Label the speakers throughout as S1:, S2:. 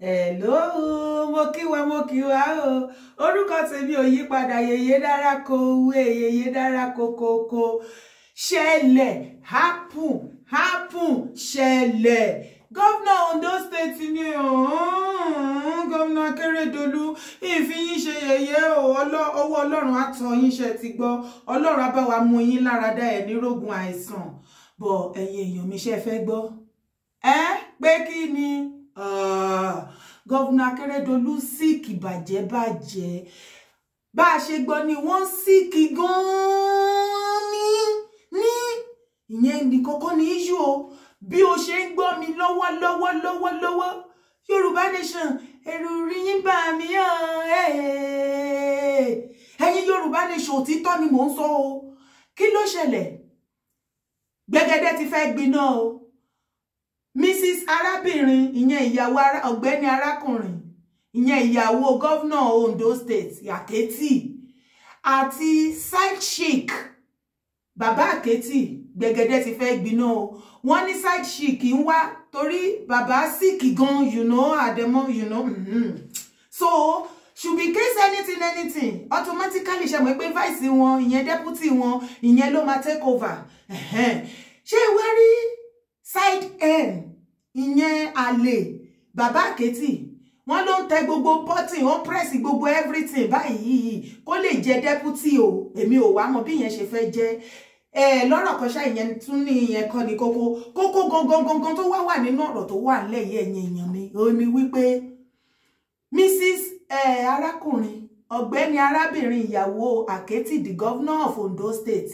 S1: hello mo kí wa mo kí wa o orúkọ tèmi ò yí padà yèyé dára ko owó yèyé dára kokoko ṣẹlẹ̀ happen happen ṣẹlẹ̀ gómìnà Ondo state ni hmm, gómìnà Akérédolú ìfiyín ṣe yẹ̀yẹ́ ọwọ́ Ọlọ́run á tọ́ yín ṣe ti gbọ́ Ọlọ́run á wa mú yín láradá ẹ nírógun àìsàn bọ ẹ̀yin èèyàn mi ṣe fẹ́ gbọ́ ẹ pé kí ni. Ah, gọ́vùnà akérèdọ́lù síìkì bàjẹ́ bàjẹ́ bá a ṣe gbọ́ ni wọ́n síìkì gan-an ní ní ìyẹn nìkọ́kọ́ ní iṣu o bí o ṣe ń gbọ́ mi lọ́wọ́ lọ́wọ́ lọ́wọ́ lọ́wọ́ yorùbá nation ẹ̀rù rí yín bá mi hàn ẹ̀yin yorùbá nation òtítọ́ ni mò ń sọ o kí ló ṣẹlẹ̀ gbẹgẹdẹ ti fẹ́ gbiná o mrs arábìnrin ìyẹn ìyàwó ọ̀gbẹ́ni arákùnrin ìyẹn ìyàwó gọ́vnà Ondo state àkẹ́tì àti side chic bàbá àkẹ́tì gbẹ̀gẹ̀dẹ̀ ti fẹ́ gbiná o wọ́n ní side chic ń wá torí bàbá sick gan you know àdẹ̀mọ́ you know mm-hmm. so should be case anything anything automatically ṣe mọ̀ pé vice wọn ìyẹn deputy wọn ìyẹn ló máa take over ṣé ìwé rí side end ìyẹn àlè bàbá àkẹ́tì wọ́n ló ń tẹ gbogbo bọ́tìn ó ń gbogbo everything báyìí kó lè jẹ dẹ́pútì o èmi ò wá mọ bí ìyẹn ṣe fẹ́ jẹ́ ẹ lọ́rọ̀ kan ṣá ìyẹn tún ní ìyẹn kan ní kókó kókó gangan gangan tó wá wà nínú ọ̀rọ̀ tó wà nílẹ̀ ẹ̀yìn èèyàn mi ó ní wípé Mrs eh, arákùnrin ọ̀gbẹ́ni arábìnrin ìyàwó àkẹ́tì the governor of Ondo State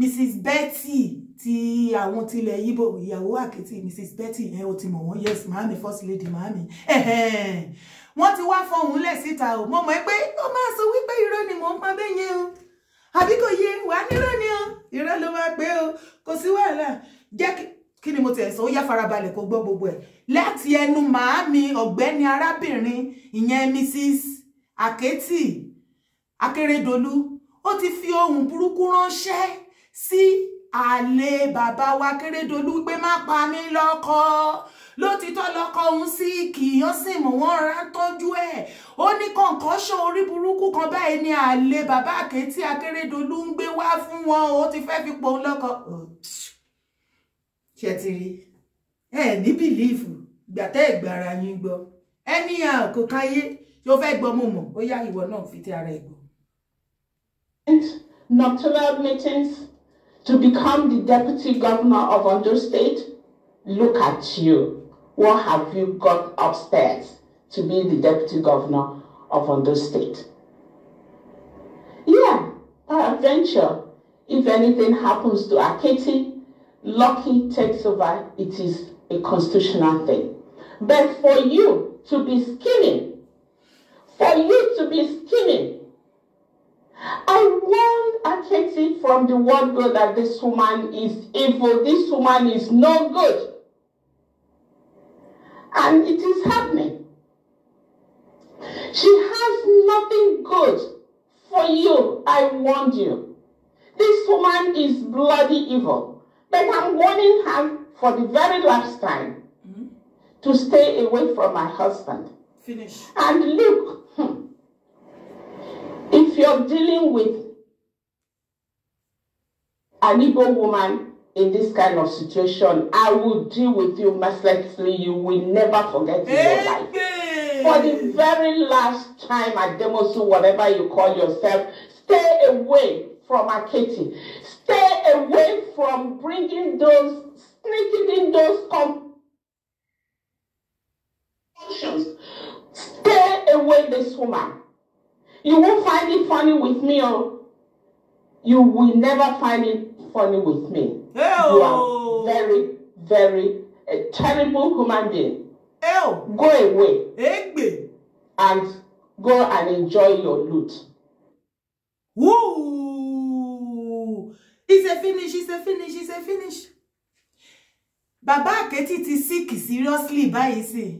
S1: mrs betty ti àwọn tilẹ̀ yíbo ìyàwó àkẹ́tì mrs betty ẹ o ti mọ̀ wọ́n yes màámi first lady màámi wọ́n ti wá fọhùn lẹ̀ síta o mo mọ̀ pé ó máa sọ wípé irọ́ ni mò ń pa bẹ́ẹ̀ yẹn o àbí kò yé wàá nírọ́ ni o irọ́ ló máa gbé o kò sí wàhálà jẹ́ kí kí ni mo tẹ̀ sọ ó yá farabalẹ̀ kó gbọ́ gbogbo ẹ̀ láti ẹnu màámi ọ̀gbẹ́ni arábìnrin ìyẹn mrs àkẹ́tì akérèdọ́lù ó ti fi ohun burúkú ránṣẹ́ sí àlè bàbá wa Kérédolú pé má pa mí lọ́kọ lótìtọ́ lọ́kọ òun sí kìyàn sì mọ̀ wọ́n ra tọ́jú ẹ̀ ó ní kọ̀ǹkọ́ṣọ́ orí burúkú kan báyìí ni àlè bàbá àkẹ́tì Akérédolú ń gbé wá fún wọn ó ti fẹ́ fi pò ó lọ́kọ. ṣe ti rí ẹ ní bìlíìfù gbàtẹ́ ìgbàra yín gbọ́ ẹni àkókò káyé tí fẹ́ gbọ́ mọ̀ ó yá ìwọ náà fi ti ara ẹ̀ gbọ́. Nocturnal meetings to become the deputy
S2: governor of Ondo State? Look at you. What have you got upstairs to be the deputy governor of Ondo State? Yeah, peradventure, if anything happens to Aketi, Lucky takes over. It is a constitutional thing. But for you to be scheming, for you to be scheming from the word God that this woman is evil, this woman is no good. And it is happening. She has nothing good for you, I warned you. This woman is bloody evil. But I'm warning her for the very last time mm-hmm. to stay away from my husband. Finish. And look, hmm, if you're dealing with an Igbo woman in this kind of situation, I will deal with you mercilessly. You will never forget in your life. For the very last time, Ademosu, whatever you call yourself, stay away from Aketi. Stay away from bringing those, sneaking in those compulsions. Stay away this woman. You won't find it funny with me, oh. You will never find it funny with me. Ew. You are very, very a terrible human being. Ew. Go away. Egbe. And go and enjoy your loot.
S1: Woo! It's a finish, it's a finish, it's a finish. Bàbá Àkẹ́tì ti sick seriously báyìí sí.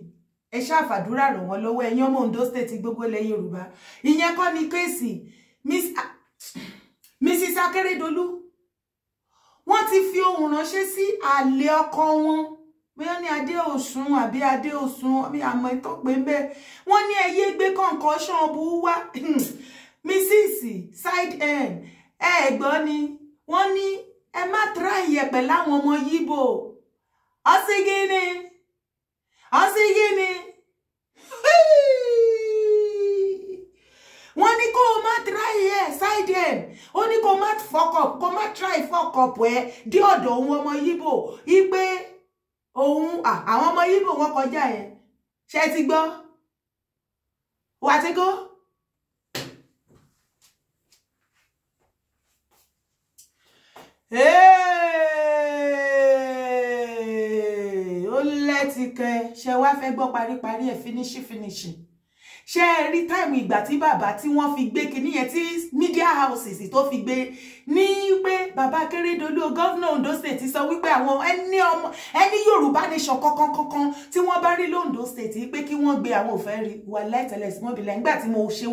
S1: Ẹ fadura ro wọ́n lọ́wọ́ ẹ̀yin ọmọ Ondo State gbogbo le Yorùbá. Ìyẹn kọ́ ni kéèsì. Miss. Mrs. Akérédolú wọ́n ti fi ohun ránṣẹ́ sí àlè ọkọ wọn bóyá ní Adéòsun àbí Adéòsun àbí àmọ́ ìtọpẹ bẹ́ẹ̀ wọ́n ní ẹyẹ gbé kọǹkọṣán ọbú wá Mrs. side end ẹ gbọ́ ni wọ́n ní ẹ má tra ìyẹ̀pẹ̀ láwọn ọmọ yíbo ọsí gíní ọsí gíní. ní kó o má try ẹ̀ side ẹ̀ ó ní kó o má fuck up kó o má try fuck up ẹ̀ dé ọ̀dọ̀ òun ọmọ yíbò ipe òun àwọn ọmọ yibo wọn kọjá ẹ̀ ṣe ti gbọ́ wà ti kó. ó lẹ́tìkẹ́ ṣe wá fẹ́ gbọ́ paríparí ẹ̀ finishi finishi ṣé ẹ rí táìmù ìgbà tí bàbá tí wọ́n fi gbé kinní yẹn tí media houses tó fi gbé ní pé bàbá Akérédolú gọ́vnà Ondo State ti sọ wípé àwọn ẹni ọmọ ẹni Yorùbá nation kankan kankan tí wọ́n bá rí l'Ondo State pé kí wọ́n gbé àwọn òfin rí wà láìtẹ̀lẹ̀ sí mọ́bìlẹ̀ nígbà tí mo ṣe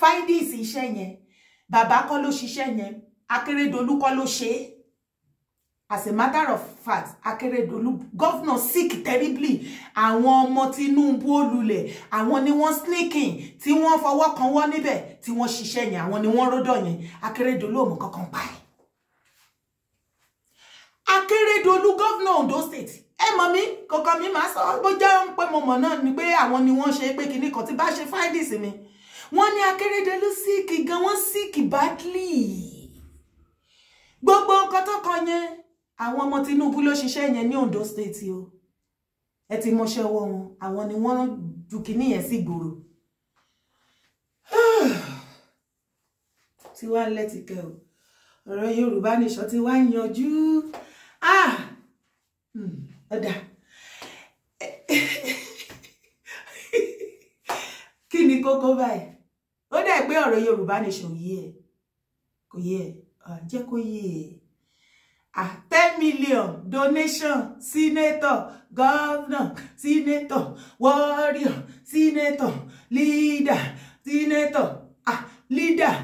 S1: findings iṣẹ́ yẹn bàbá kọ́ ló ṣiṣẹ́ yẹn Akérédolú kọ́ ló ṣe é as a matter of fact Akérédolú governor sick terribly àwọn ọmọ Tinubu olùlẹ àwọn ni wọ́n sneaking tí wọ́n fọwọ́ kan wọ níbẹ̀ tí wọ́n ṣiṣẹ́ yẹn àwọn ni wọ́n rọdọ yẹn Akérédolú ò mọ̀ kankan pa ẹ Akérédolú governor Ondo state ẹ mọ̀ mi kankan mi máa sọ bó jẹ́ pé mo mọ̀ náà ni pé àwọn ni wọ́n ṣe pé kinní kan tí bá ṣe findings mi wọ́n ní Akérédolú sick gan wọ́n sick badly gbogbo nǹkan tó kan yẹn àwọn ọmọ Tinubu ló ṣiṣẹ́ yẹn ní Ondo state o ẹ ti mọṣẹ́ ọwọ́ wọn àwọn ni wọ́n ju kinní yẹn sí gbòòrò tí wá ń lẹ́tìkẹ o ọ̀rọ̀ Yorùbá nìṣọ́ tí wá ń yanjú ọ̀dà ah! hmm, kí ni kókó báyìí ó dẹ̀ pé ọ̀rọ̀ Yorùbá nìṣọ́ yìí ẹ̀ kò yẹ ẹ̀ jẹ́ kó yẹ ẹ̀ ah, àtẹ́ million donation senator governor senator warrior senator leader senator ah leader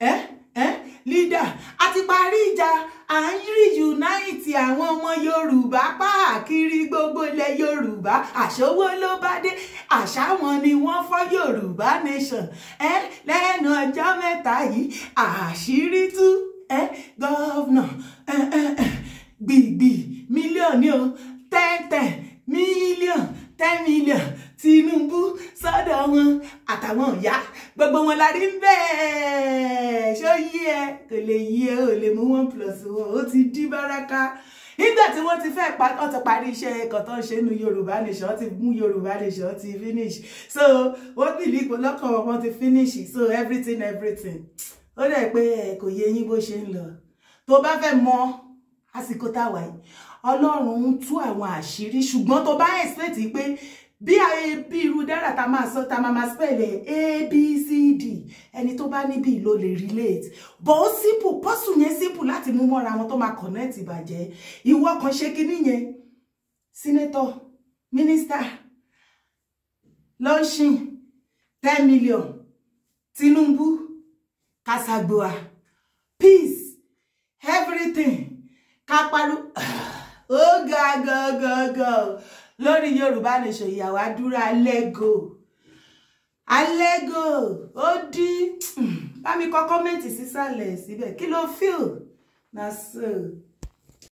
S1: eh eh leader a ti parí ìjà à ń reunite àwọn ọmọ yorùbá káàkiri gbogbo ilẹ̀ yorùbá àṣọwó ló bá dé àṣà wọn ni wọ́n fọ́ yorùbá nation eh lẹ́nu ọjọ́ mẹ́ta yìí àṣírí tú ẹ gọ́vnà ẹ ẹ ẹ gbìgbì mílíọ̀nù o tẹ́tẹ̀ mílíọ̀nù ten million Tinubu sọ́dọ̀ wọn àtàwọn ìyá gbogbo wọn la rí ń bẹ́ẹ̀ ṣó yí ẹ kò lè yí ẹ ò lè mú one plus one ó ti dí báraka nígbà tí wọ́n ti fẹ́ ọ̀tọ̀ parí iṣẹ́ ẹ̀kọ́ tó ń ṣe nu yorùbá nation ti mú yorùbá nation ti finish so wọ́n bìlí ipò lọ́kàn wọn ti finish so everything everything ó dẹ̀ pé kò yẹ yín bó ṣe ń lọ tó bá fẹ́ mọ̀ àsìkò tá a wà yìí ọlọ́run ń tú àwọn àṣírí ṣùgbọ́n tó bá ẹ̀sìpẹ̀tì pé bí bí irú dára ta máa sọ ta máa máa spẹ̀lẹ̀ abcd ẹni tó bá níbi ìlò lè relate bọ̀ ó simple pọ́sù yẹn simple láti mú mọ́ra wọn tó máa connect ìbàjẹ́ ìwọ kan ṣe kinní yẹn sínétọ̀ mínísítà lọ́ńṣìn ten million Tinubu Kasagboa peace everything ká palu ó ga gangan lórí yorùbá nation ìyàwó àdúrà lẹ́gò alẹ́gò ó dí bá mi kọ kọ́mẹ́ǹtì sísàlẹ̀ síbẹ̀ kí ló fíl na so.